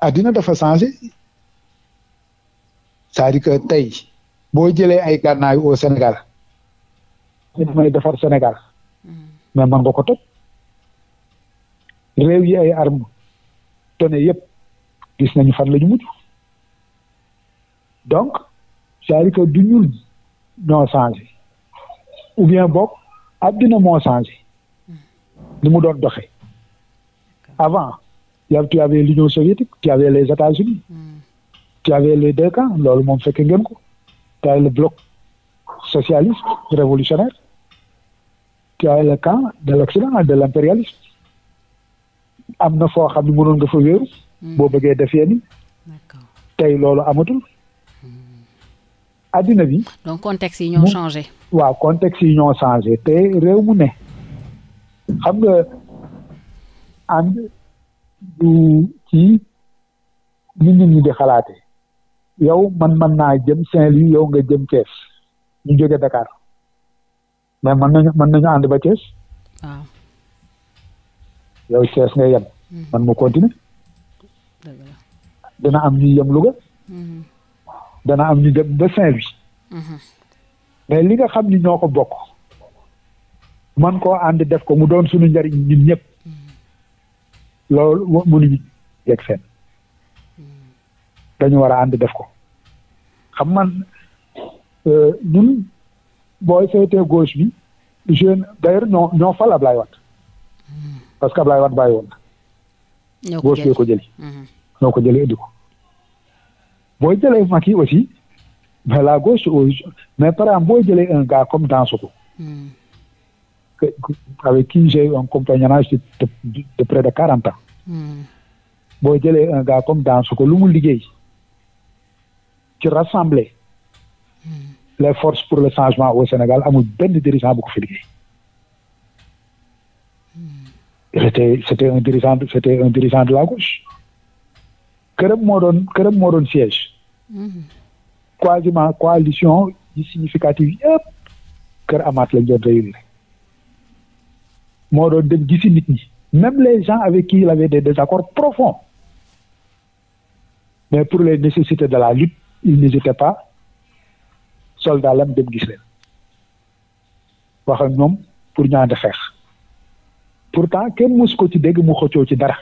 àddina dafa changé c'est-à-dire que tey boo jëlee ay gànnaayu au Sénégal ne defar Sénégal mm-hmm. mais mën nga ko toj réew yi ay armes tone yëpp gis nañu fan la ñu mujj donc cest du ñun ñoo changé ou bien boog addina moo changé mm-hmm. ni mu doon doxe avant y a tu avais l'Union soviétique tu avais les États-Unis mm-hmm. tu avais les deux camps loolu moom fekke ngeen ko tu avais le bloc socialiste révolutionnaire qui est le camp de l'Occident de l'impérialisme am na foo xam ne mënoon nga fa wéeru hmm. boo bëggee def yenn tey loolu amatul àddina hmm. bi donc contexte yi ñoo changé waaw contexte yi ñoo changé te réew mu ne xam nga ànd du ci nit ñi di xalaate yow man mën naa jëm Saint-Louis yow nga jëm Thiès ñu jóge Dakar mais man nañu mën nañu ànd ba Thiès. waaw. yow Thiès ngay yem. Mhm. man mu continuer. dana am ñuy yem Louga. Mhm. dana am ñu dem ba Saint-Louis. Mhm. mais li nga xam ni ñoo ko bokk. man koo ànd def ko mu doon suñu njariñ ñun ñëpp. loolu mënuñu yegg seen. dañu war a ànd def ko. xam man euh, ñun booy féetee gauche bi jeune d'ailleurs ñoo ñoo fal Ablaye Wade parce que Ablaye Wade bàyyi woon na gauche bee ko jëli mhm. ñoo ko jëlee indi booy jëlee Macky aussi mais la gauche mais par exemple booy jëlee un gars comme Dansokho mhm. avec qui j'ai eu un de, de, de près de quarante ans mhm. lu mu liggéey ci rassembler les forces pour le changement au Sénégal amul benn dirigeant bu ko fi c'était un dirigeant c'était un dirigeant de la gauche këram moo doon këram moo doon siège quasiment coalition yi significative yëpp kër Amath lañ doon réunir moo doon dem gisi nit ñi même les gens avec qui il avait des désaccords profonds mais pour les nécessités de la lutte il n'hésitait pas sol daalam dem gis leen wax moom pour ñu ànd xeex pourtant kenn mës ko ci dégg mu xëccoo ci dara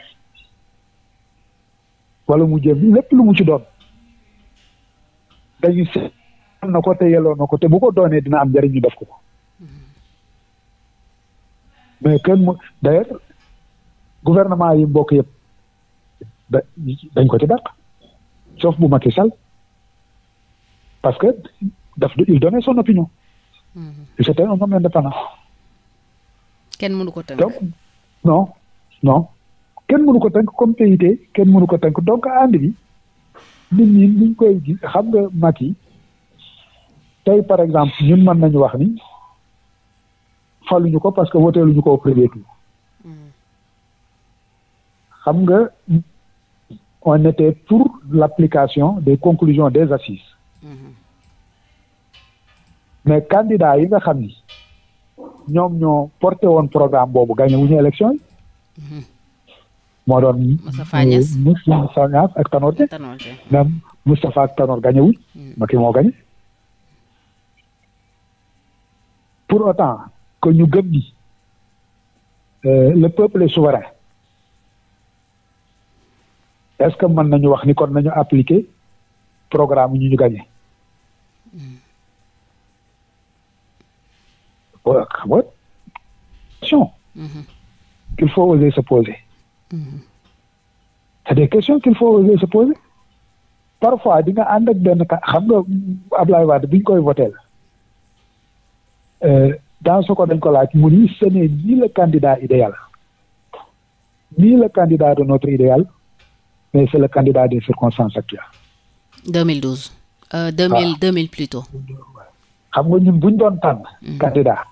wala mu jëm lépp lu mu ci doon dañu seet na ko te yelloo na ko te bu ko doonee dina am njëriñ ñu def ko ko mais kenn mu d'ailleurs gouvernement yi mbokk yëpp da dañ ko ci dàq sauf bu Macky Sall parce que daf il donnait son opinion. Mm-hmm. et c'était un de indépendant. kenn mënu ko tënk donc non non kenn mënu ko tënk comme PIT kenn mënu ko tënk donc ànd bi nit ñi niñ koy gis xam nga mag yi tey par exemple ñun mën nañu wax ni faluñu ko parce que woteeluñu ko au premier mm-hmm. xam nga on était pour l'application des conclusions des assises. Mm-hmm. mais candidat yi nga xam ni ñoom ñoo porté woon programme boobu gagné wu ñu élection yi. Mhm. moo doon. Moustapha Niass euh, Moustapha Niass ak Tanor Dieng. Tanor Dieng même Moustapha ak Tanor mhm. moo gagné. pour autant que ñu gëm ni euh, le peuple est souverain est-ce que mën nañu wax ni kon nañu appliquer programme yi ñu ñu gagné. Mhm. xam nga question qu'il faut oser se poser mhm. c'est des questions qu'il faut oser se poser parfois di nga ànd ak benn ka xam nga Ablaye Wade bi ñu koy voté euh, dans ce ko dañ ko laaj mu ni ce n'est ni le candidat idéal ni le candidat de notre idéal mais c'est le candidat des circonstances actuelles. 2012 euh, 2000 ah. 2000 plutôt. xam nga ñun buñ doon tànn. Mm-hmm. candidat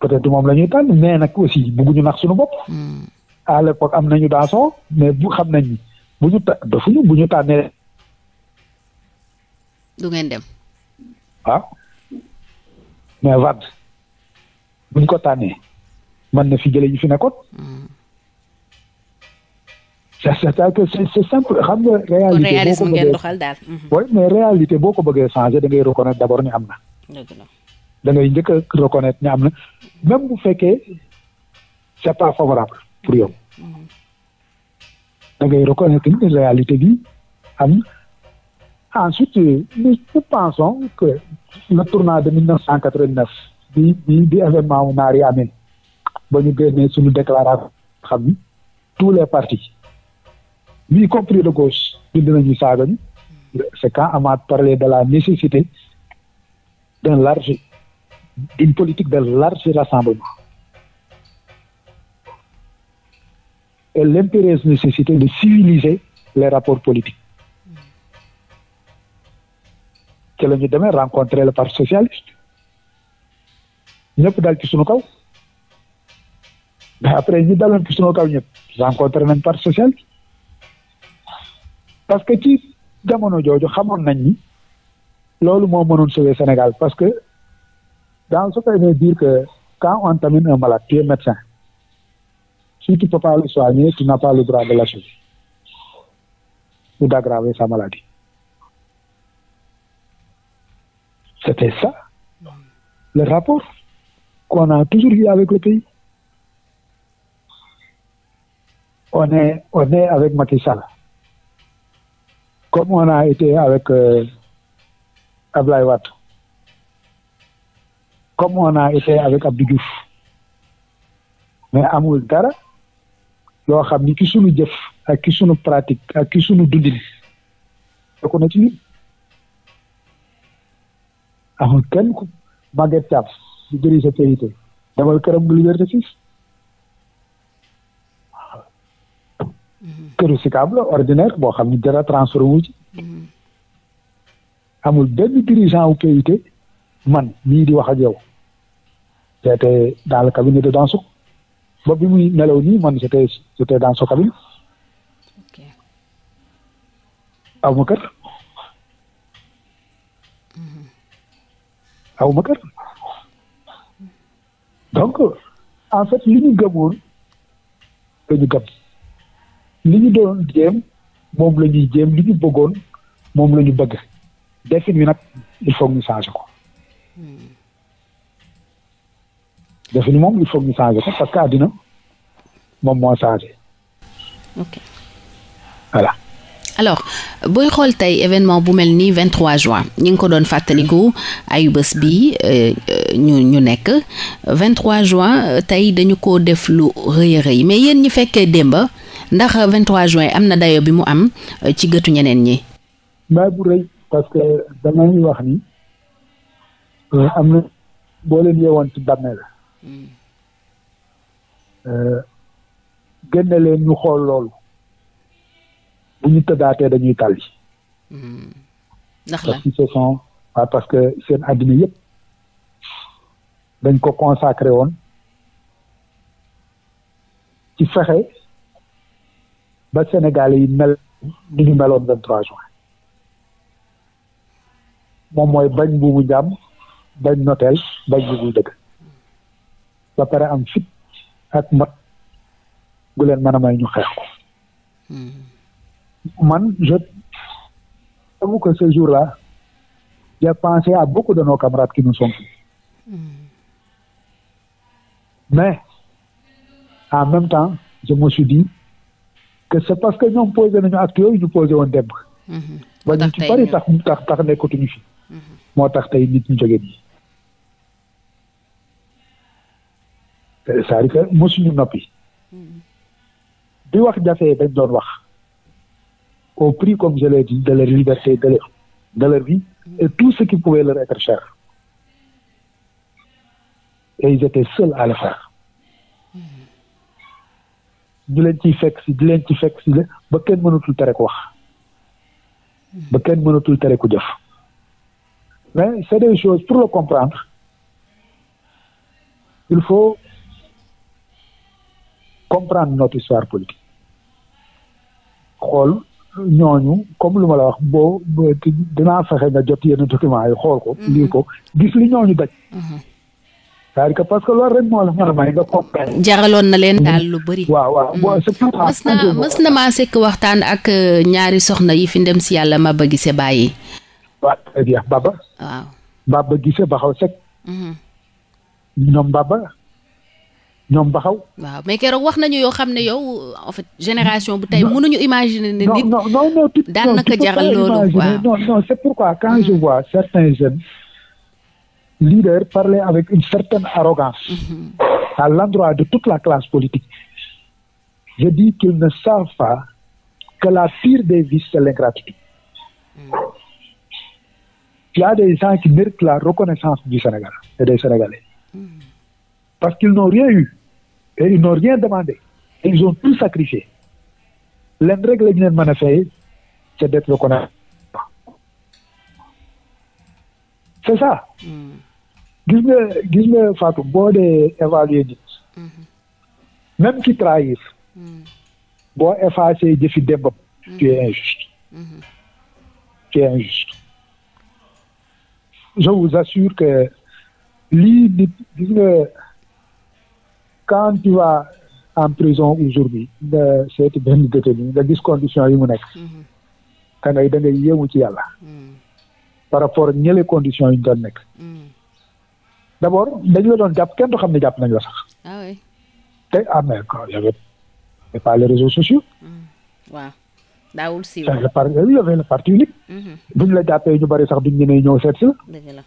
peut du moom la ñuy tànn mais nag aussi bëgguñu nax suñu bopp. Mm-hmm. à l'époque am nañu daason mais bu xam nañ bu ñu ta dafuñu bu ñu tànnee. du ngeen dem. waaw ah. mais Wade buñ ko tànnee mën na fi jëlee ñu fi nekkoon. Mm-hmm. cest à c'est simple xam nga. réalité mhm. mais réalité boo ko bëggee changer da ngay reconnaître d'abord ni am na. dëgg la da njëkk a reconnaître ni am na même bu fekkee c'est pas favorable pour yow. Mhm. da ngay reconnaître ni réalité bi am na. ensuite nous pensons que le tournant de 1989 bi bi bi événement wu naar yi amee ba ñu génnee suñu déclaration xam tous les partis y compris de gauche ñu dinañu saaga ñu c'est quand Amath parlait de la nécessité d'un large d'une politique de large rassemblement et l'impérieuse nécessité de civiliser les rapports politiques ci la ñu demee rencontrer le parti socialiste ñëpp dal ci sunu kaw mais après ñu daloon ci sunu kaw ñëpp rencontré nañ parti socialiste parce que ci jamono jooju xamoon nañ ni loolu moo mënoon sauver Sénégal parce que dans ce cas il dire que quand on tamine un malade tu es médecin si tu ne tu n'as droit de l'achever ou d'aggraver sa maladie c'était ça le rapport qu'on a toujours eu avec le pays on avec Macky comme on a été avec euh, Ablaye Wade comme on été avec Abdou Diouf amul dara loo xam ni ki sunu jëf ak ki sunu pratique ak ki sunu dundin bokk na ci ñun amul kenn ku Maguette Thiam di dirige demal këram nga Liberté 6 këru sikaab la ordinaire boo xam ni dara transfert wu ci amul benn dirigeant wu PIT man nii di wax ak yow j'étais dans le cabinet de Dansokho ba bi nii man j'étais j'étais dans son cabinet aw kër aw kër donc en fait li ñu gëmoon dañu gëm li ñu doon jéem moom la ñuy li ñu bëggoon moom la ñu bëgg defin wi nag il foog ñu changer ko hmm. defin moom il faut ñu changer ko moom moo changé. voilà. alors booy xool tey événement bu mel ni 23 juin ñi ngi ko doon fàttaliku ayu bés bi euh, ñu ñu nekk 23 juin euh, tey dañu ko def lu rëy rëy mais yéen ñi fekkee démba ndax 23 juin am na dayo bi mu am euh, ci gëtu ñeneen ñi. maa bu rëy parce que damay wax ni euh, am na boo leen yeewoon ci bàmmeel euh, génne leen ñu xool loolu bu ñu tëddaatee dañuy tàlli. ndax la parce que ah, parce que seen àddina yëpp dañ ko consacré woon ci fexe. ba Sénégalais yi mel ni ñu meloon 23 juin moom mooy bañ mu njàmm bañ noteel bañ bugul dëgg ba pare am fit ak mot gu leen mën a may ñu xeex ko hmm. man je avoue que ce jour-là j'ai pensé à beaucoup de nos camarades qui nous hmm. mais en même temps je me suis que c'est parce que ñoom posé nañu acte yooyu ñu posé woon démb. Mhm. ba ñu ci bari tax tax tax nekkatuñu fi. Mhm. moo tax tey nit ñu jóge nii. cest à noppi. bi mhm. wax jafee dañ doon wax. au prix comme je l'ai dit de leur liberté de leur de leur vie et tout ce qui cher. et ils étaient seuls à le ñu leen ci fekk si di leen ci fekk si ba kenn mënatul tere ko wax ba kenn mënatul tere ko jëf mais c'est des choses pour le comprendre il faut comprendre not histoire politique xool ñooñu comme lu ma la wax boo dinaa fexe nga jot yenn documents yi xool ko lii ko gis li ñooñu daj mm-hmm. cest à parce que loolu rek moo la mën a na leen daal lu mm-hmm. bari waaw waaw mës mm. na ma na sekk waxtaan ak euh, ñaari soxna yi fi ndem si yàlla Maba Guissé Ba yi. waaw très bien Baba. ba Baba Guissé Baxaw Seck. Mm-hmm. ñoom Baba ñoom xaw waaw mais keroog wax nañu yoo xam ne yow en fait génération bu tey mënuñu imaginer. ne nit daanaka jaral loolu waaw non non c'est pourquoi quand je mm. vois certains jeunes. leaders parlaient avec une certaine arrogance mhm. à l'endroit de toute la classe politique. Je dis qu'ils ne savent pas que la pire des vices, c'est l'ingratitude. Mhm. des gens qui méritent la reconnaissance du Sénégal et des Sénégalais. Mhm. Parce qu'ils n'ont rien eu et ils n'ont rien demandé. Et ils ont tout sacrifié. L'indrègle de c'est d'être reconnaissant. C'est ça. gis nga gis boo dee évaluer nit mhm. même ki trahir mhm. boo effacé jëfi debam mhm. tu es injuste je vous assure que lii nit gis nga quand tu vas en prison aujourd'hui nga seeti benn détenu nga gis condition yi mu nekk da ngay da ngay yéemu ci yàlla par rapport ñële condition yi ñu nekk d' abord dañ la doon jàpp kenn du xam ne jàpp nañ la sax. ah oui. te am ah, na y' avait pas les réseaux sociaux. Hmm. waaw daawul siiw. Euh, y' parti unique. Hmm. buñ la jàppee ñu bari sax duñ ñemee ñëw seet si la. dëgg la.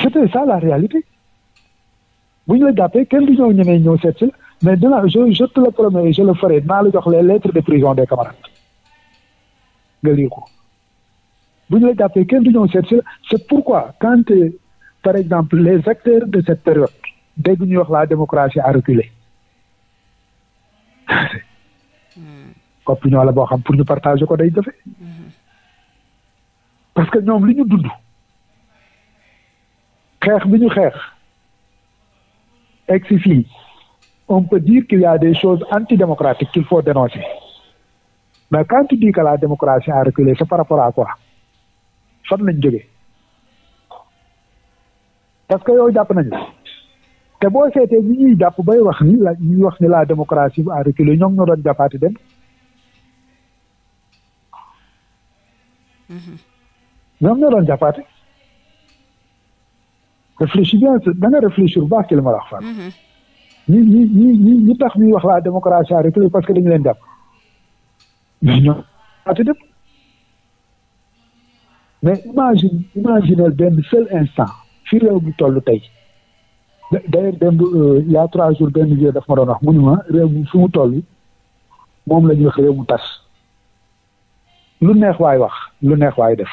c' était ça la réalité buñ la jàppee kenn du ñëw ñemee ñëw seet la mais dinaa je je te le promets je le ferai naa la jox les lettres de prison des camarades nga lire ko. bu ñu la jàppee kenn du ñëw seet si la c'est pourquoi quand euh, par exemple les acteurs de cette période dégg ñuy wax la démocratie a reculé hmm. opinion la boo xam pour ñu partager ko day jafe hmm. parce que ñoom li ñu dund xeex bi ñu xeex egg si fii on peut dire qu'il y a des choses antidémocratiques qu'il faut dénoncer mais quand tu dis que la démocratie a reculé c'est par rapport à quoi fan lañ jóge parce que yow jàpp nañu te boo seetee ñi ñuy jàpp bay wax ni la ñuy wax ni laa démocratie a reculé ñoom ñoo doon jàppaate dem. Mhm. ñoom ñoo doon jàppaati. réfléchis bien da nga bu baax ci li ma la fan. Mhm. ñi ñi ñi ñi ñi tax ñuy wax la démocratie a reculé parce que dañu leen jàpp ñoom jàppaati dem. mais imagine imaginel benn seul instant fi réew bi toll tey d'ailleurs démb euh, il y a trois jours benn vieux daf ma doon wax mu ma réew mi fi mu toll moom la ñuy wax réew mu tas lu neex waay wax lu neex waay def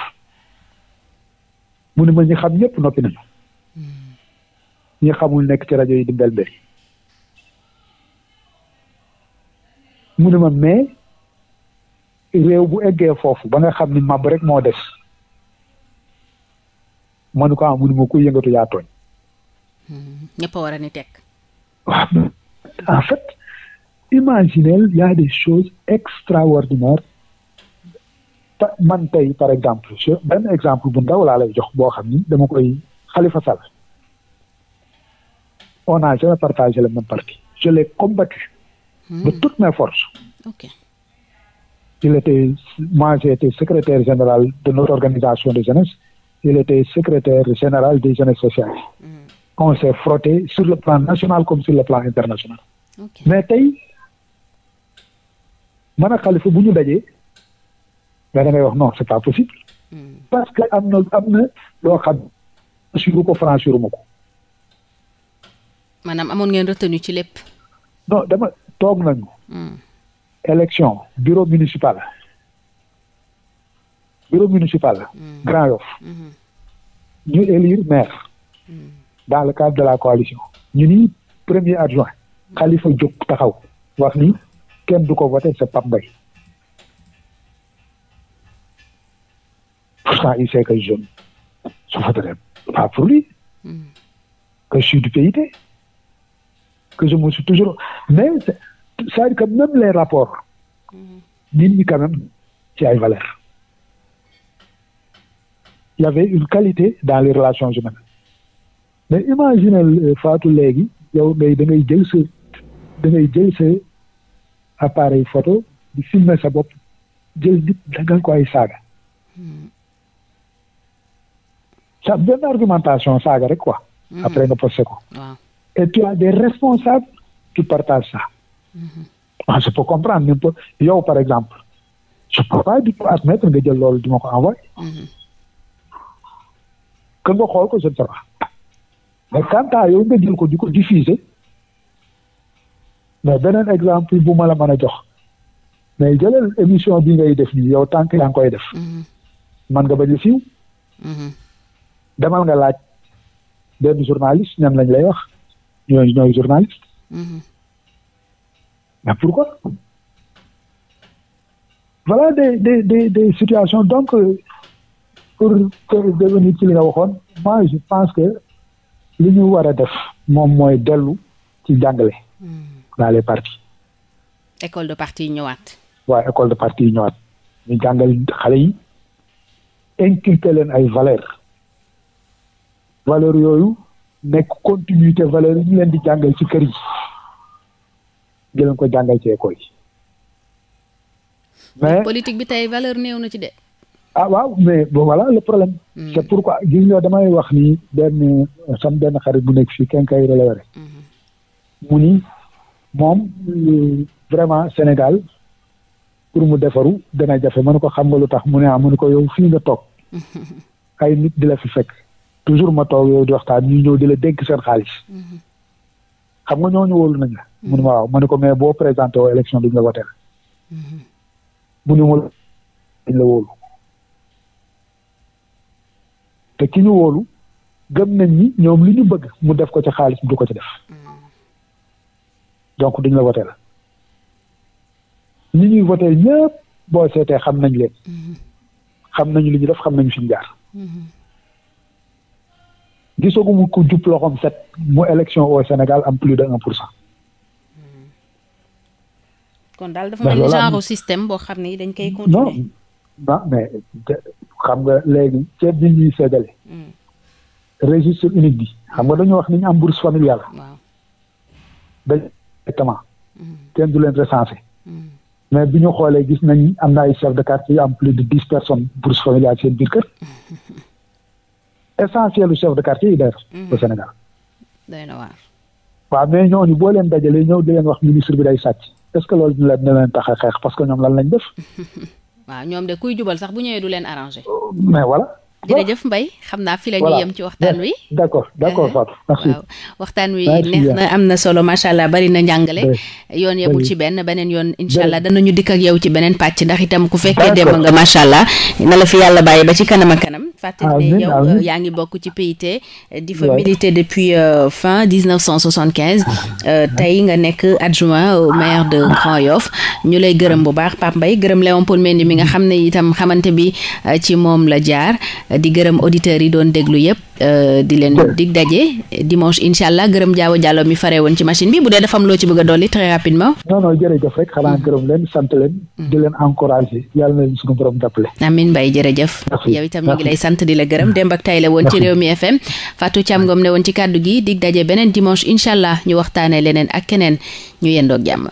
mu ni ma ñi xam ñépp noppi na hmm. ñi xamul nekk ci rajo yi di mbel mbel mu ma mais réew bu eggee foofu ba nga xam ni mab rek moo des ma ne ko ah, mu ne ma kuy yëngatu yaa tooñ. Hmm. ñëpp war a ni teg. waaw en fait imaginez y des choses extraordinaires man tey par exemple je exemple bu ndaw laa lay jox boo xam ni dama koy xalifa Sall on n'a jamais partagé le même parti je l'ai combattu hmm. de toutes mes forces ok il était général de notre organisation de jeunesse il était secrétaire général des jeunes sociales. Mmh. frotté sur le plan national comme sur le plan international. Okay. mais tey man a Khalifa bu ñu dajee da ngay wax non c'est pas possible. Mm. parce que am na am na loo xam suru ko franchir ma ko. maanaam amoon ngeen retenu ci lépp. non dama toog nañu. Mm. élection bureau municipal. bureau municipal mm. Grand Yoff mm-hmm. ñu élire maire mm. dans le cadre de la coalition ñu ni premier adjoint Khalifa jóg taxaw wax ni kenn du ko voté c'est Pape Mbaye pourtant il sait que je ne voterai pas pour lui mm. suis du PIT que je me toujours mais c'est-à-dire que même les mm-hmm. nit ñi quand ci ay valeurs y avait une qualité dans les relations humaines mais imaginez euh, Fatou léegi yow ngay da ngay jël sa da ngay photo di filmer sa bopp jël nit da nga koy saaga sa hmm. benn argumentation saaga rek quoi hmm. après nga posté ko et tu as des responsables qui partagent ça hmm. ah comprendre yow par exemple je peux pas du tout admettre nga jël loolu di ma ko que nga xool ko je ne sais pas yow nga jël ko di ko diffuser mais beneen exemple bu ma la mën a jox mais jëlal émission bi ngay def nii yow tànk yaa ngi koy def mhm. man nga bañ a siiw mhm. demal nga laaj den journaliste ñan lañ lay wax ñooy ñooy journaliste mhm. mais pourquoi voilà des des des des donc euh, pour devenir ci li nga waxoon moi je pense que li ñu war a def moom mooy dellu ci jàngale hmm. dans les partis école de parti yi ñëwaat waaw école de parti yu ñëwaat ñu jàngal xale yi inculquer leen ay valeur valeur yooyu nekk continuité valeur yi ñu leen di jàngal ci kër yi di leen ko jàngal ci école yi mais politique bi tey valeur néew na ci de ah waaw mais bon voilà le problème. Hmm. c' est pourquoi gis nga damay wax nii benn euh, sam benn xarit bu nekk fii kenn kay relevé. Hmm. mu ni moom euh, vraiment Sénégal pour mu defaru dana jafe ne ko xam nga lu tax mu ne ah mën ko yow fii nga toog. *laughs* ay nit di la fi fekk toujours ma toog yow di waxtaan ñu ñëw di la dénk seen xaalis. Hmm. xam nga ñooñu wóolu nañ la. mu ne ma waaw ma ne ko mais boo présenté woo élection duñ la voté. mu ne ma la wóolu. te ki ñu wóolu gëm nañ ni ñoom li ñu bëgg mu def ko ci xaalis du ko ci def mm. donc duñ la voté la ñi ñuy voté ñëpp boo seetee xam nañ leen mm-hmm. xam nañu li ñu def xam nañu fi ñu jaar mm-hmm. gisaguma ku jub loxoom set mu élection au Sénégal am plus de un pour cent. kon daal dafa mel ni système boo xam ne dañ koy. continuer non non mais xam nga léegi ceeb bi ñuy séddale. Hmm. registre unique bi xam nga dañu wax ni ñu am bourse familiale. dañ exactement hmm. kenn du leen recensé. Hmm. mais bi ñu xoolee gis nañ am na ay chef de quartier yu am plus de dix personnes bourse familiale seen biir kër. essentiel lu chef de quartier yi d'ailleurs au Sénégal. doy na waar. waaw mais ñooñu boo leen dajalee ñëw di leen wax ministre bi day sàcc est-ce que loolu dina leen tax a xeex parce que ñoom lan lañ def. *laughs* waaw ñoom de kuy jubal sax bu ñëwee du leen arrangé. mais voilà jërëjëf mbay xam naa fi la ñu ci waxtaan wi d'accord d'accord euh, Fatou merci waaw waxtaan wi neex na am na solo macha allah bari na njàngale yoon yemul ci benn beneen yoon incha allah ñu dikk ak yow ci beneen pàcc ndax itam ku fekkee dem nga macha allah na la fi yàlla bàyyi ba ci kanama kanam fàttali ne yow euh, yaa ngi bokk ci PIT euh, di fa milité depuis fin 1975 tey nga nekk adjoint au maire de Grand Yoff ñu lay gërëm bu baax Pape mbay gërëm Léon Paul Mendy mi nga xam ne itam xamante bi ci moom la jaar di gërëm auditeur yi doon déglu yëpp euh, di leen dig daje dimanche incha allah gërëm jaawo jàllo mi fare woon ci machine bi bu dee dafa am loo ci bëgg a dolli très rapidement non non jërëjëf rek xanaa mm. gërëm leen sant leen mm. di leen encouragé yàlla jërëjëf yow itam ñu ngi lay sant di la gërëm Demb ak Tay la woon ci réew mi FM Fatou Thiam Ngom ne woon ci kàddu gi dig daje beneen dimanche incha allah ñu waxtaane leneen ak keneen ñu yendoog jàmm